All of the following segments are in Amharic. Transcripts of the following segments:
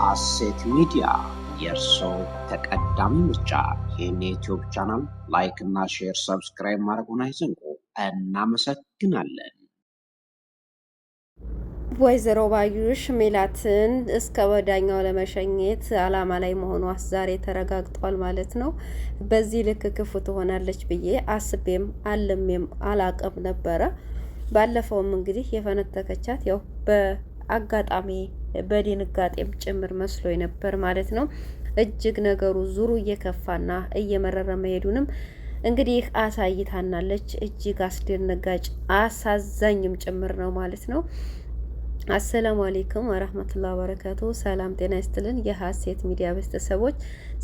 ሀሴት ሚዲያ የእርሶ ተቀዳሚ ምርጫ። ይህን የዩቲዩብ ቻናል ላይክ እና ሼር፣ ሰብስክራይብ ማድረጉን አይዘንጉ። እናመሰግናለን። ወይዘሮ ባዩሽ ሜላትን እስከ ወዳኛው ለመሸኘት አላማ ላይ መሆኗ ዛሬ ተረጋግጧል ማለት ነው። በዚህ ልክ ክፉ ትሆናለች ብዬ አስቤም አልሜም አላቅም ነበረ። ባለፈውም እንግዲህ የፈነተከቻት ያው በአጋጣሚ በድንጋጤም ጭምር መስሎ ነበር ማለት ነው። እጅግ ነገሩ ዙሩ እየከፋና እየመረረ መሄዱንም እንግዲህ አሳይታናለች። እጅግ አስደነጋጭ አሳዛኝም ጭምር ነው ማለት ነው። አሰላሙ አሌይኩም ወረህመቱላህ በረካቱ። ሰላም ጤና ይስጥልን የሀሴት ሚዲያ ቤተሰቦች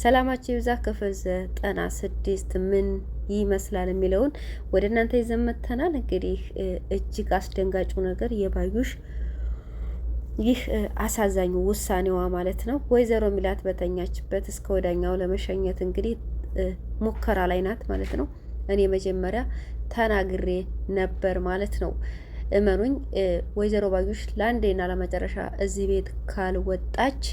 ሰላማቸው ይብዛ። ክፍል ዘጠና ስድስት ምን ይመስላል የሚለውን ወደ እናንተ ይዘመተናል። እንግዲህ እጅግ አስደንጋጩ ነገር የባዩሽ ይህ አሳዛኙ ውሳኔዋ ማለት ነው። ወይዘሮ ሚላት በተኛችበት እስከ ወዳኛው ለመሸኘት እንግዲህ ሙከራ ላይ ናት ማለት ነው። እኔ መጀመሪያ ተናግሬ ነበር ማለት ነው። እመኑኝ ወይዘሮ ባዩሽ ለአንዴና ለመጨረሻ እዚህ ቤት ካልወጣች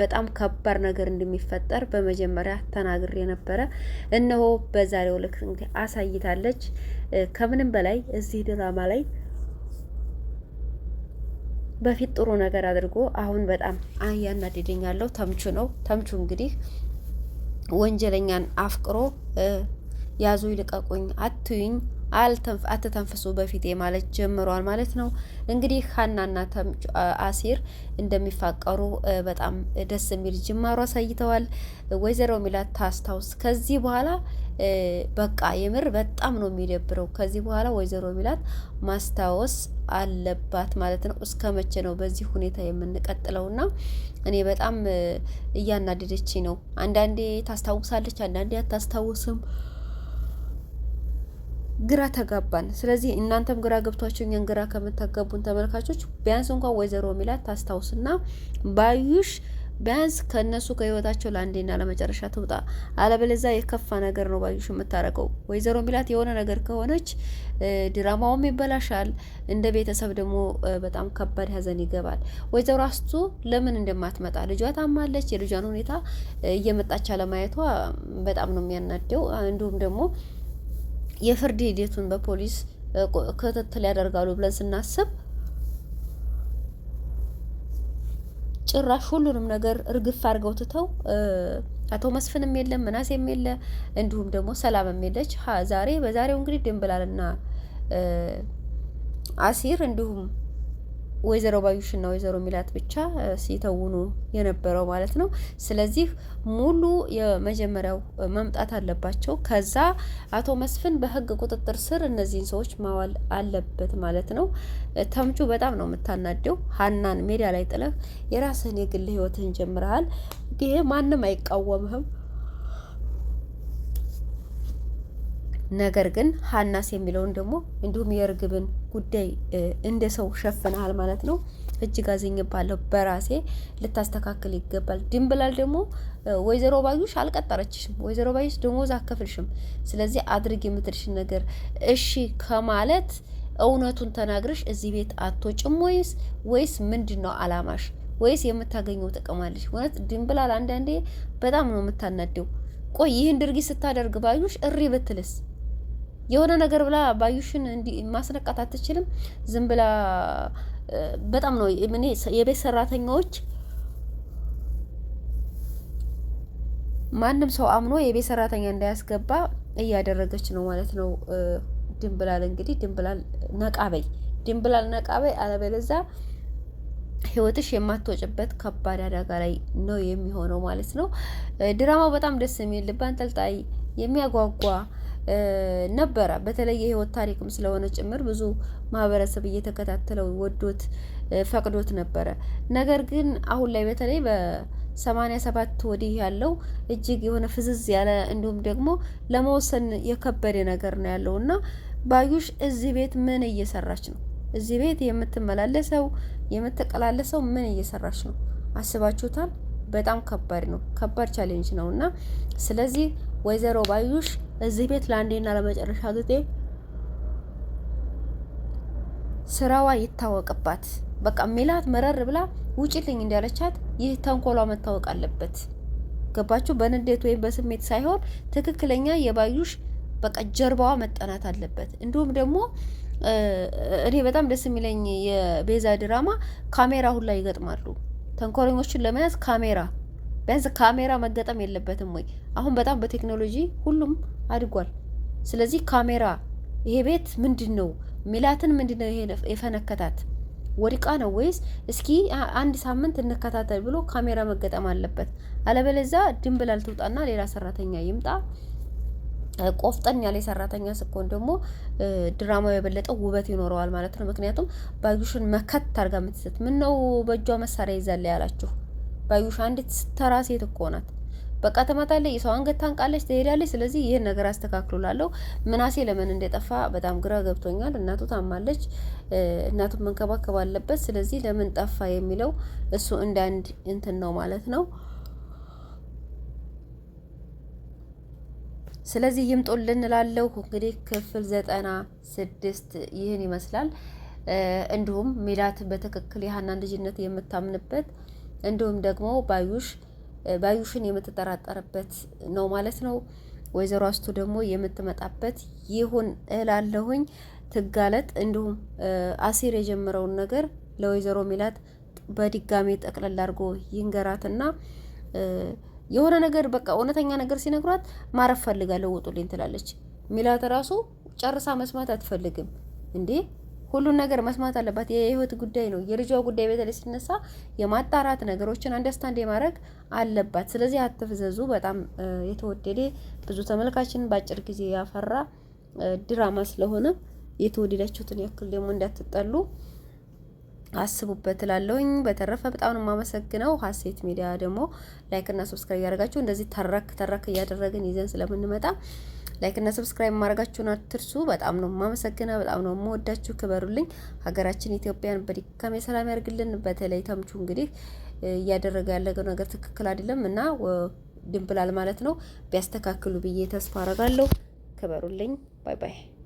በጣም ከባድ ነገር እንደሚፈጠር በመጀመሪያ ተናግሬ ነበረ። እነሆ በዛሬው ልክ አሳይታለች። ከምንም በላይ እዚህ ድራማ ላይ በፊት ጥሩ ነገር አድርጎ አሁን በጣም እያናደደኝ ያለው ተምቹ ነው። ተምቹ እንግዲህ ወንጀለኛን አፍቅሮ ያዙ ይልቀቁኝ አትዩኝ አትተንፍሱ በፊቴ ማለት ጀምሯል ማለት ነው። እንግዲህ ሀናና አሲር እንደሚፋቀሩ በጣም ደስ የሚል ጅማሮ አሳይተዋል። ወይዘሮ ሚላት ታስታውስ ከዚህ በኋላ በቃ የምር በጣም ነው የሚደብረው። ከዚህ በኋላ ወይዘሮ ሚላት ማስታወስ አለባት ማለት ነው። እስከ መቼ ነው በዚህ ሁኔታ የምንቀጥለው ና እኔ በጣም እያናደደች ነው። አንዳንዴ ታስታውሳለች፣ አንዳንዴ አታስታውስም። ግራ ተጋባን። ስለዚህ እናንተም ግራ ገብቷቸው እኛን ግራ ከምታጋቡን ተመልካቾች ቢያንስ እንኳን ወይዘሮ ሚላት ታስታውስና ባዩሽ ቢያንስ ከእነሱ ከህይወታቸው ለአንዴና ለመጨረሻ ትውጣ። አለበለዛ የከፋ ነገር ነው ባዩሽ የምታረገው። ወይዘሮ ሚላት የሆነ ነገር ከሆነች ድራማውም ይበላሻል፣ እንደ ቤተሰብ ደግሞ በጣም ከባድ ሀዘን ይገባል። ወይዘሮ አስቱ ለምን እንደማትመጣ ልጇ ታማለች። የልጇን ሁኔታ እየመጣች አለማየቷ በጣም ነው የሚያናደው። እንዲሁም ደግሞ የፍርድ ሂደቱን በፖሊስ ክትትል ያደርጋሉ ብለን ስናስብ ጭራሽ ሁሉንም ነገር እርግፍ አድርገው ትተው አቶ መስፍንም የለም ምናሴም የለ እንዲሁም ደግሞ ሰላምም የለች። ዛሬ በዛሬው እንግዲህ ድንብላልና አሲር እንዲሁም ወይዘሮ ባዩሽና ወይዘሮ ሚላት ብቻ ሲተውኑ የነበረው ማለት ነው። ስለዚህ ሙሉ የመጀመሪያው መምጣት አለባቸው። ከዛ አቶ መስፍን በህግ ቁጥጥር ስር እነዚህን ሰዎች ማዋል አለበት ማለት ነው። ተምቹ በጣም ነው የምታናደው። ሀናን ሜዳ ላይ ጥለህ የራስህን የግል ህይወትህን ጀምረሃል። ይሄ ማንም አይቃወምህም። ነገር ግን ሀናስ የሚለውን ደግሞ እንዲሁም የእርግብን ጉዳይ እንደ ሰው ሸፍነሃል ማለት ነው። እጅግ አዝኜባለሁ። በራሴ ልታስተካክል ይገባል። ድንብላል ደግሞ ወይዘሮ ባዩሽ አልቀጠረችሽም፣ ወይዘሮ ባዩሽ ደሞዝ አከፍልሽም። ስለዚህ አድርግ የምትልሽን ነገር እሺ ከማለት እውነቱን ተናግረሽ እዚህ ቤት አትወጭም ወይስ ወይስ ምንድን ነው አላማሽ? ወይስ የምታገኘው ጥቅም አለሽ? እውነት ድንብላል አንዳንዴ በጣም ነው የምታናደው። ቆይ ይህን ድርጊት ስታደርግ ባዩሽ እሪ ብትልስ የሆነ ነገር ብላ ባዩሽን እንዲ ማስነቃት አትችልም። ዝም ብላ በጣም ነው እኔ የቤት ሰራተኛዎች ማንም ሰው አምኖ የቤት ሰራተኛ እንዳያስገባ እያደረገች ነው ማለት ነው። ድንብላል እንግዲህ ድንብላል ነቃበይ፣ ድንብላል ነቃበይ። አለበለዛ ህይወትሽ የማትወጭበት ከባድ አደጋ ላይ ነው የሚሆነው ማለት ነው። ድራማው በጣም ደስ የሚል ልብ አንጠልጣይ የሚያጓጓ ነበረ። በተለይ የህይወት ታሪክም ስለሆነ ጭምር ብዙ ማህበረሰብ እየተከታተለው ወዶት ፈቅዶት ነበረ። ነገር ግን አሁን ላይ በተለይ በሰማንያ ሰባት ወዲህ ያለው እጅግ የሆነ ፍዝዝ ያለ እንዲሁም ደግሞ ለመወሰን የከበደ ነገር ነው ያለው እና ባዩሽ እዚህ ቤት ምን እየሰራች ነው? እዚህ ቤት የምትመላለሰው የምትቀላለሰው ምን እየሰራች ነው? አስባችሁታል? በጣም ከባድ ነው። ከባድ ቻሌንጅ ነው እና ስለዚህ ወይዘሮ ባዩሽ እዚህ ቤት ለአንዴና ለመጨረሻ ጊዜ ስራዋ ይታወቅባት። በቃ ሜላት መረር ብላ ውጭልኝ እንዳለቻት ይህ ተንኮሏ መታወቅ አለበት። ገባችሁ? በንዴት ወይም በስሜት ሳይሆን ትክክለኛ የባዩሽ በቃ ጀርባዋ መጠናት አለበት። እንዲሁም ደግሞ እኔ በጣም ደስ የሚለኝ የቤዛ ድራማ ካሜራ ሁላ ይገጥማሉ። ተንኮለኞችን ለመያዝ ካሜራ ቢያንስ ካሜራ መገጠም የለበትም ወይ? አሁን በጣም በቴክኖሎጂ ሁሉም አድጓል። ስለዚህ ካሜራ ይሄ ቤት ምንድን ነው ሚላትን ምንድን ነው የፈነከታት ወድቃ ነው ወይስ እስኪ አንድ ሳምንት እንከታተል ብሎ ካሜራ መገጠም አለበት። አለበለዚያ ድንብላል ትውጣና ሌላ ሰራተኛ ይምጣ። ቆፍጠን ያለ ሰራተኛ ስኮን ደግሞ ድራማው የበለጠ ውበት ይኖረዋል ማለት ነው። ምክንያቱም ባዩሽን መከት አድርጋ ምን ነው በእጇ መሳሪያ ይዛለ ያላችሁ ባዩሽ አንዲት ተራ ሴት እኮ ናት። በቃ ትመታለች፣ የሰው አንገት ታንቃለች፣ ትሄዳለች። ስለዚህ ይህን ነገር አስተካክሉላለሁ። ምናሴ ለምን እንደጠፋ በጣም ግራ ገብቶኛል። እናቱ ታማለች፣ እናቱን መንከባከብ አለበት። ስለዚህ ለምን ጠፋ የሚለው እሱ እንደ አንድ እንትን ነው ማለት ነው። ስለዚህ ይምጡልን እላለሁ። እንግዲህ ክፍል ዘጠና ስድስት ይህን ይመስላል። እንዲሁም ሜላት በትክክል የሀናን ልጅነት የምታምንበት እንዲሁም ደግሞ ባዩሽ ባዩሽን የምትጠራጠርበት ነው ማለት ነው። ወይዘሮ አስቱ ደግሞ የምትመጣበት ይሁን እላለሁኝ። ትጋለጥ። እንዲሁም አሲር የጀመረውን ነገር ለወይዘሮ ሚላት በድጋሚ ጠቅለል አድርጎ ይንገራትና የሆነ ነገር በቃ እውነተኛ ነገር ሲነግሯት ማረፍ ፈልጋለሁ ውጡልኝ ትላለች። ሚላት ራሱ ጨርሳ መስማት አትፈልግም እንዴ ሁሉን ነገር መስማት አለባት። የህይወት ጉዳይ ነው። የልጇ ጉዳይ በተለይ ሲነሳ የማጣራት ነገሮችን አንደርስታንድ የማድረግ አለባት። ስለዚህ አትፍዘዙ። በጣም የተወደደ ብዙ ተመልካችን በአጭር ጊዜ ያፈራ ድራማ ስለሆነ የተወደዳችሁትን ያክል ደግሞ እንዳትጠሉ አስቡበት እላለሁኝ። በተረፈ በጣም ነው የማመሰግነው። ሀሴት ሚዲያ ደግሞ ላይክ እና ሰብስክራይብ ያደርጋችሁ እንደዚህ ተረክ ተረክ እያደረግን ይዘን ስለምንመጣ ላይክ እና ሰብስክራይብ ማድረጋችሁን አትርሱ። በጣም ነው ማመሰግና፣ በጣም ነው የምወዳችሁ። ክበሩልኝ። ሀገራችን ኢትዮጵያን በድካም ሰላም ያርግልን። በተለይ ተምቹ እንግዲህ እያደረገ ያለገው ነገር ትክክል አይደለም እና ድንብላል ማለት ነው ቢያስተካክሉ ብዬ ተስፋ አረጋለሁ። ክበሩልኝ። ባይ ባይ